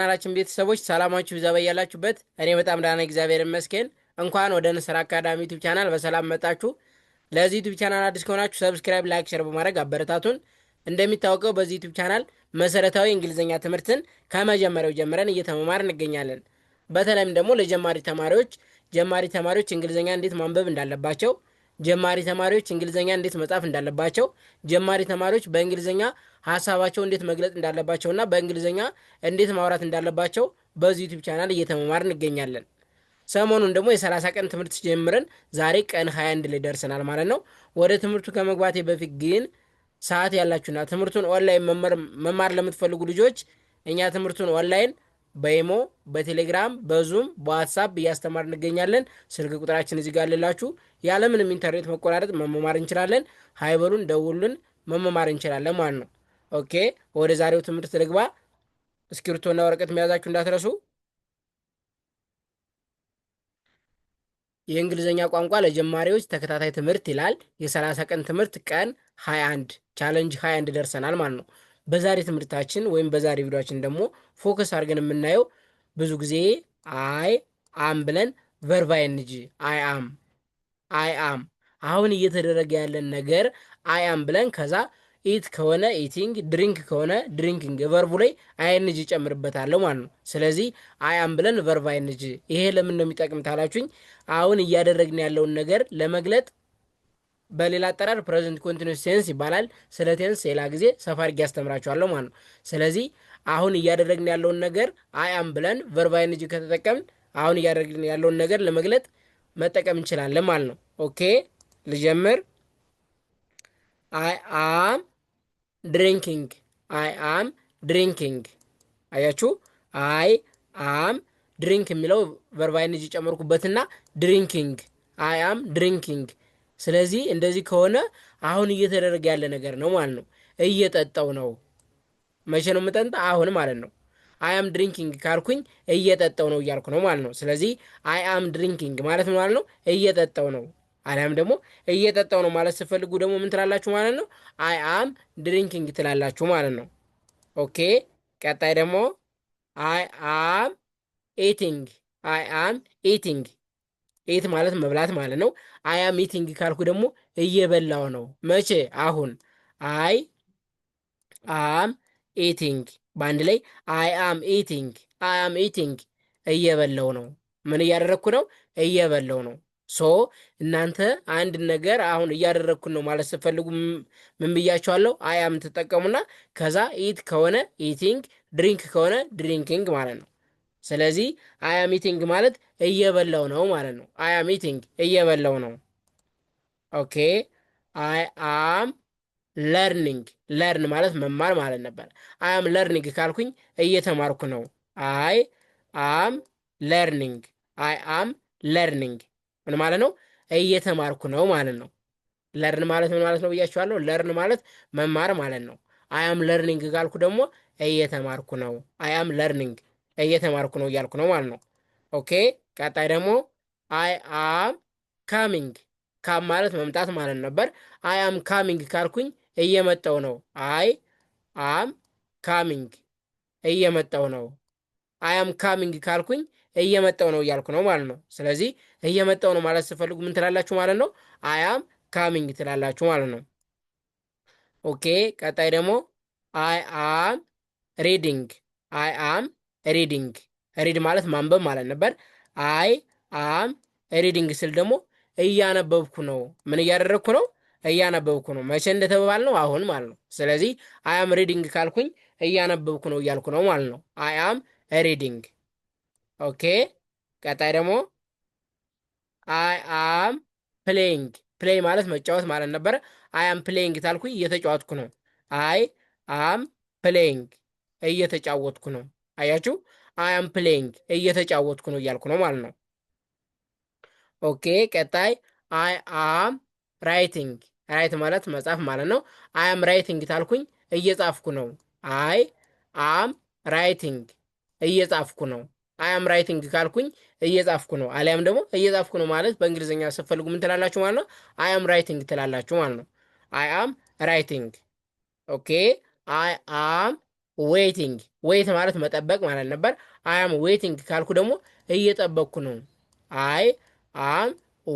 ናላችን ቤተሰቦች ሰላማችሁ ይብዛ በያላችሁበት። እኔ በጣም ደህና እግዚአብሔር ይመስገን። እንኳን ወደ ንስር አካዳሚ ዩቱብ ቻናል በሰላም መጣችሁ። ለዚህ ዩቱብ ቻናል አዲስ ከሆናችሁ ሰብስክራይብ፣ ላይክ፣ ሸር በማድረግ አበረታቱን። እንደሚታወቀው በዚህ ዩቱብ ቻናል መሰረታዊ እንግሊዝኛ ትምህርትን ከመጀመሪያው ጀምረን እየተመማር እንገኛለን። በተለይም ደግሞ ለጀማሪ ተማሪዎች ጀማሪ ተማሪዎች እንግሊዝኛ እንዴት ማንበብ እንዳለባቸው ጀማሪ ተማሪዎች እንግሊዝኛ እንዴት መጻፍ እንዳለባቸው፣ ጀማሪ ተማሪዎች በእንግሊዝኛ ሀሳባቸው እንዴት መግለጽ እንዳለባቸው እና በእንግሊዝኛ እንዴት ማውራት እንዳለባቸው በዚህ ዩቲብ ቻናል እየተመማር እንገኛለን። ሰሞኑን ደግሞ የሰላሳ ቀን ትምህርት ጀምረን ዛሬ ቀን 21 ላይ ደርሰናል ማለት ነው። ወደ ትምህርቱ ከመግባቴ በፊት ግን ሰዓት ያላችሁና ትምህርቱን ኦንላይን መማር ለምትፈልጉ ልጆች እኛ ትምህርቱን ኦንላይን በኢሞ በቴሌግራም በዙም በዋትሳፕ እያስተማር እንገኛለን። ስልክ ቁጥራችን እዚህ ጋር ያለምንም ኢንተርኔት መቆራረጥ መመማር እንችላለን። ሀይበሉን ደውሉን፣ መመማር እንችላለን ማለት ነው። ኦኬ ወደ ዛሬው ትምህርት ልግባ። እስክሪብቶና ወረቀት መያዛችሁ እንዳትረሱ። የእንግሊዝኛ ቋንቋ ለጀማሪዎች ተከታታይ ትምህርት ይላል። የ30 ቀን ትምህርት ቀን 21 ቻለንጅ 21 ደርሰናል ማለት ነው። በዛሬ ትምህርታችን ወይም በዛሬ ቪዲዮችን ደግሞ ፎከስ አድርገን የምናየው ብዙ ጊዜ አይ አም ብለን ቨርባይ እንጂ አይ አም አይ አም አሁን እየተደረገ ያለን ነገር አይ አም ብለን ከዛ ኢት ከሆነ ኢቲንግ ድሪንክ ከሆነ ድሪንኪንግ ቨርቡ ላይ አይንጅ ጨምርበታለሁ ማለት ነው። ስለዚህ አያም ብለን ቨርብ አይንጅ። ይሄ ለምን ነው የሚጠቅም ታላችሁኝ? አሁን እያደረግን ያለውን ነገር ለመግለጥ በሌላ አጠራር ፕሬዘንት ኮንቲኒስ ቴንስ ይባላል። ስለ ቴንስ ሌላ ጊዜ ሰፋ አድርጌ ያስተምራችኋለሁ ማለት ነው። ስለዚህ አሁን እያደረግን ያለውን ነገር አያም ብለን ቨርባይን ከተጠቀምን አሁን እያደረግን ያለውን ነገር ለመግለጥ መጠቀም እንችላለን ማለት ነው። ኦኬ ልጀምር። አይ አም ድሪንኪንግ፣ አይ አም ድሪንኪንግ። አያችሁ፣ አይ አም ድሪንክ የሚለው ቨርባይን ጨመርኩበትና ድሪንኪንግ፣ አይ አም ድሪንኪንግ ስለዚህ እንደዚህ ከሆነ አሁን እየተደረገ ያለ ነገር ነው ማለት ነው። እየጠጣው ነው። መቼ ነው የምጠጣ? አሁን ማለት ነው። አይ አም ድሪንኪንግ ካልኩኝ እየጠጣው ነው እያልኩ ነው ማለት ነው። ስለዚህ አይ አም ድሪንኪንግ ማለት ማለት ነው እየጠጣው ነው። አሊያም ደግሞ እየጠጣው ነው ማለት ስትፈልጉ ደግሞ ምን ትላላችሁ ማለት ነው? አይ አም ድሪንኪንግ ትላላችሁ ማለት ነው። ኦኬ ቀጣይ ደግሞ አይ አም ኢቲንግ አይ አም ኢቲንግ ኤት ማለት መብላት ማለት ነው። አይ አም ኢቲንግ ካልኩ ደግሞ እየበላው ነው። መቼ? አሁን። አይ አም ኢቲንግ በአንድ ላይ አይ አም ኢቲንግ፣ አይ አም ኢቲንግ እየበላው ነው። ምን እያደረግኩ ነው? እየበላው ነው። ሶ እናንተ አንድ ነገር አሁን እያደረግኩ ነው ማለት ስትፈልጉ ምን ብያቸዋለሁ? አይ አም ትጠቀሙና ከዛ ኢት ከሆነ ኢቲንግ፣ ድሪንክ ከሆነ ድሪንኪንግ ማለት ነው። ስለዚህ አያ ሚቲንግ ማለት እየበላው ነው ማለት ነው። አያ ሚቲንግ እየበላው ነው። ኦኬ አይ አም ለርኒንግ ለርን ማለት መማር ማለት ነበር። አይ አም ለርኒንግ ካልኩኝ እየተማርኩ ነው። አይ አም ለርኒንግ አይ አም ለርኒንግ ምን ማለት ነው? እየተማርኩ ነው ማለት ነው። ለርን ማለት ምን ማለት ነው ብያችኋለሁ። ለርን ማለት መማር ማለት ነው። አይ አም ለርኒንግ ካልኩ ደግሞ እየተማርኩ ነው። አይ አም ለርኒንግ እየተማርኩ ነው እያልኩ ነው ማለት ነው። ኦኬ ቀጣይ ደግሞ አይ አም ካሚንግ ካም ማለት መምጣት ማለት ነበር። አይ አም ካሚንግ ካልኩኝ እየመጣው ነው። አይ አም ካሚንግ እየመጣው ነው። አይ አም ካሚንግ ካልኩኝ እየመጣው ነው እያልኩ ነው ማለት ነው። ስለዚህ እየመጣው ነው ማለት ስፈልጉ ምን ትላላችሁ ማለት ነው? አይ አም ካሚንግ ትላላችሁ ማለት ነው። ኦኬ ቀጣይ ደግሞ አይ አም ሪዲንግ አይ አም ሪዲንግ ሪድ ማለት ማንበብ ማለት ነበር። አይ አም ሪዲንግ ስል ደግሞ እያነበብኩ ነው። ምን እያደረግኩ ነው? እያነበብኩ ነው። መቼ እንደተባባል ነው? አሁን ማለት ነው። ስለዚህ አይ አም ሪዲንግ ካልኩኝ እያነበብኩ ነው እያልኩ ነው ማለት ነው። አይ አም ሪዲንግ። ኦኬ። ቀጣይ ደግሞ አይ አም ፕሌይንግ። ፕሌይ ማለት መጫወት ማለት ነበር አይ አም ፕሌይንግ ታልኩኝ እየተጫወትኩ ነው። አይ አም ፕሌይንግ እየተጫወትኩ ነው። አያችሁ፣ አያም ፕሌይንግ እየተጫወትኩ ነው እያልኩ ነው ማለት ነው። ኦኬ ቀጣይ አይ አም ራይቲንግ ራይት ማለት መጻፍ ማለት ነው። አይ አም ራይቲንግ ታልኩኝ እየጻፍኩ ነው። አይ አም ራይቲንግ እየጻፍኩ ነው። አይ አም ራይቲንግ ካልኩኝ እየጻፍኩ ነው፣ አሊያም ደግሞ እየጻፍኩ ነው ማለት በእንግሊዝኛ ስትፈልጉ ምን ትላላችሁ ማለት ነው? አይ አም ራይቲንግ ትላላችሁ ማለት ነው። አይ አም ራይቲንግ ኦኬ። አይ አም ዌይቲንግ ዌይት ማለት መጠበቅ ማለት ነበር። አም ዌይቲንግ ካልኩ ደግሞ እየጠበቅኩ ነው። አይ አም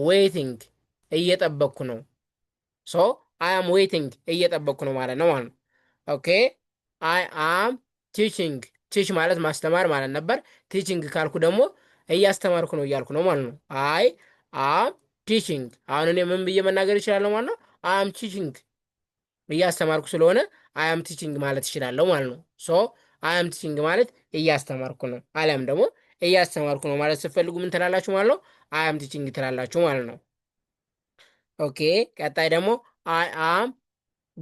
ዌይቲንግ እየጠበቅኩ ነው። ሶ አያም ዌይቲንግ እየጠበቅኩ ነው ማለት ነው ማለት ነው። ኦኬ አይ አም ቲቺንግ ቲች ማለት ማስተማር ማለት ነበር። ቲቺንግ ካልኩ ደግሞ እያስተማርኩ ነው እያልኩ ነው ማለት ነው። አይ አም ቲቺንግ አሁን እኔ ምን ብዬ መናገር ይችላለሁ ማለት ነው። አም ቲቺንግ እያስተማርኩ ስለሆነ አያም ቲችንግ ማለት እችላለሁ ማለት ነው። ሶ አያም ቲችንግ ማለት እያስተማርኩ ነው፣ አሊያም ደግሞ እያስተማርኩ ነው ማለት ስትፈልጉ ምን ትላላችሁ ማለት ነው? አያም ቲችንግ ትላላችሁ ማለት ነው። ኦኬ ቀጣይ ደግሞ አይ አም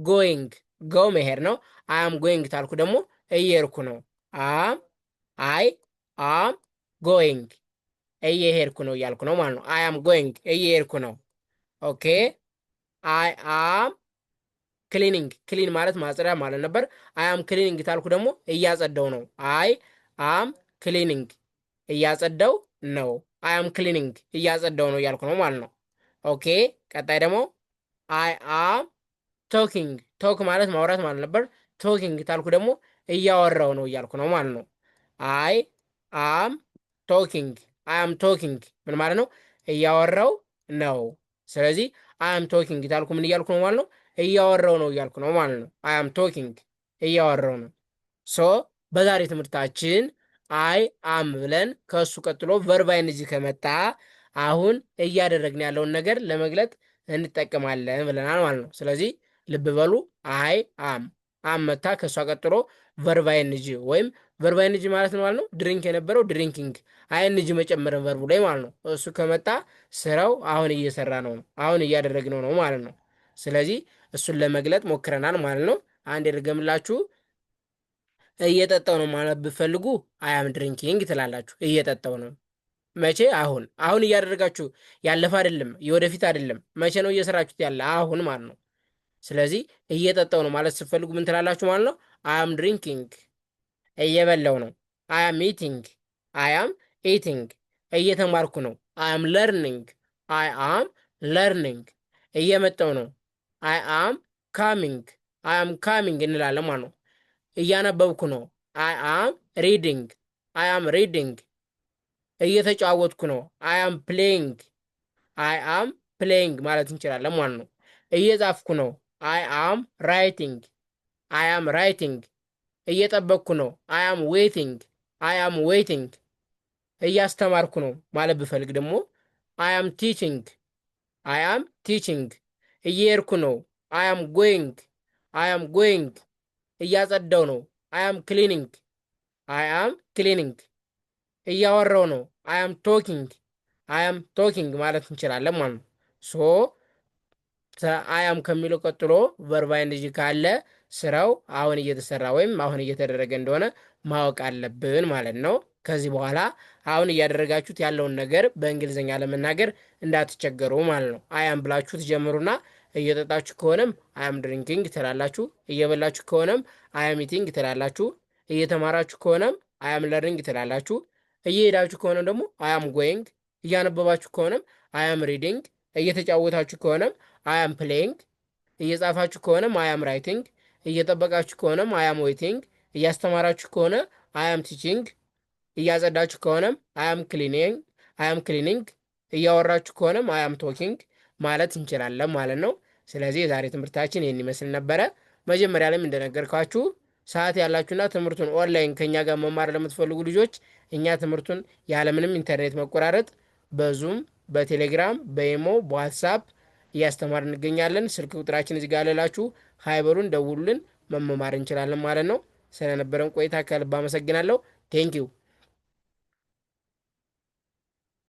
ጎይንግ ጎ መሄድ ነው። አያም አም ጎይንግ ታልኩ ደግሞ እየሄድኩ ነው። አም አይ አም ጎይንግ እየሄድኩ ነው እያልኩ ነው ማለት ነው። አያም አም ጎይንግ እየሄድኩ ነው። ኦኬ አይ አም ክሊኒንግ ክሊን ማለት ማጽዳ ማለት ነበር። አያም ክሊኒንግ ታልኩ ደግሞ እያጸዳው ነው። አይ አም ክሊኒንግ እያጸዳው ነው። አያም ክሊኒንግ እያጸዳው ነው እያልኩ ነው ማለት ነው። ኦኬ ቀጣይ ደግሞ አይ አም ቶኪንግ ቶክ ማለት ማውራት ማለት ነበር። ቶኪንግ ታልኩ ደግሞ እያወራው ነው እያልኩ ነው ማለት ነው። አይ አም ቶኪንግ አም ቶኪንግ ምን ማለት ነው? እያወራው ነው። ስለዚህ አም ቶኪንግ ታልኩ ምን እያልኩ ነው ማለት ነው እያወራው ነው እያልኩ ነው ማለት ነው። አይ አም ቶኪንግ እያወራው ነው። ሶ በዛሬ ትምህርታችን አይ አም ብለን ከእሱ ቀጥሎ ቨርባይን እዚህ ከመጣ አሁን እያደረግን ያለውን ነገር ለመግለጥ እንጠቀማለን ብለናል ማለት ነው። ስለዚህ ልብ በሉ አይ አም አም መታ ከእሷ ቀጥሎ ቨርባይንጂ ወይም ቨርባይንጂ ማለት ነው ማለት ነው። ድሪንክ የነበረው ድሪንኪንግ አይንጂ መጨመርን ቨርቡ ላይ ማለት ነው። እሱ ከመጣ ስራው አሁን እየሰራ ነው ነው አሁን እያደረግነው ነው ማለት ነው። ስለዚህ እሱን ለመግለጥ ሞክረናል ማለት ነው። አንድ የድገምላችሁ እየጠጣው ነው ማለት ብፈልጉ አያም ድሪንኪንግ ትላላችሁ። እየጠጣው ነው መቼ? አሁን አሁን እያደረጋችሁ ያለፈ አይደለም፣ የወደፊት አይደለም። መቼ ነው እየሰራችሁት ያለ? አሁን ማለት ነው። ስለዚህ እየጠጣው ነው ማለት ስትፈልጉ ምን ትላላችሁ ማለት ነው? አያም ድሪንኪንግ፣ እየበላው ነው። አያም ኢቲንግ፣ አያም ኢቲንግ፣ እየተማርኩ ነው። አያም ለርኒንግ፣ አይ አም ለርኒንግ፣ እየመጣው ነው አይ አም ካሚንግ አይ አም ካሚንግ እንላለን ማለት ነው። እያነበብኩ ነው። አይ አም ሪዲንግ አይ አም ሪዲንግ። እየተጫወትኩ ነው። አይ አም ፕሌይንግ አይ አም ፕሌይንግ ማለት እንችላለን ማለት ነው። እየጻፍኩ ነው። አይ አም ራይቲንግ አይ አም ራይቲንግ። እየጠበቅኩ ነው። አይ አም ዌይቲንግ አይ አም ዌይቲንግ። እያስተማርኩ ነው ማለት ብፈልግ ደግሞ አይ አም ቲቺንግ አይ አም ቲቺንግ እየሄድኩ ነው። አያም ጎይንግ አያም ጎይንግ እያጸዳው ነው። አያም ክሊኒንግ አያም ክሊኒንግ እያወራው ነው። አያም ቶኪንግ አያም ቶኪንግ ማለት እንችላለን ማለት ነው። ሶ አያም ከሚለው ቀጥሎ ቨርባይ ልጅ ካለ ስራው አሁን እየተሰራ ወይም አሁን እየተደረገ እንደሆነ ማወቅ አለብን ማለት ነው። ከዚህ በኋላ አሁን እያደረጋችሁት ያለውን ነገር በእንግሊዝኛ ለመናገር እንዳትቸገሩ ማለት ነው። አያም ብላችሁ ትጀምሩና እየጠጣችሁ ከሆነም አያም ድሪንኪንግ ትላላችሁ። እየበላችሁ ከሆነም አያም ኢቲንግ ትላላችሁ። እየተማራችሁ ከሆነም አያም ለርኒንግ ትላላችሁ። እየሄዳችሁ ከሆነም ደግሞ አያም ጎይንግ፣ እያነበባችሁ ከሆነም አያም ሪዲንግ፣ እየተጫወታችሁ ከሆነም አያም ፕሌይንግ፣ እየጻፋችሁ ከሆነም አያም ራይቲንግ፣ እየጠበቃችሁ ከሆነም አያም ዌይቲንግ፣ እያስተማራችሁ ከሆነ አያም ቲቺንግ፣ እያጸዳችሁ ከሆነም አያም ክሊኒንግ፣ አያም ክሊኒንግ፣ እያወራችሁ ከሆነም አያም ቶኪንግ ማለት እንችላለን ማለት ነው። ስለዚህ የዛሬ ትምህርታችን ይህን ይመስል ነበረ። መጀመሪያ ላይም እንደነገርኳችሁ ሰዓት ያላችሁና ትምህርቱን ኦንላይን ከእኛ ጋር መማር ለምትፈልጉ ልጆች እኛ ትምህርቱን ያለምንም ኢንተርኔት መቆራረጥ በዙም፣ በቴሌግራም፣ በኢሞ፣ በዋትሳፕ እያስተማር እንገኛለን። ስልክ ቁጥራችን እዚህ ጋር ልላችሁ፣ ሀይበሉን ደውሉልን፣ መመማር እንችላለን ማለት ነው። ስለነበረን ቆይታ ከልብ አመሰግናለሁ። ቴንኪው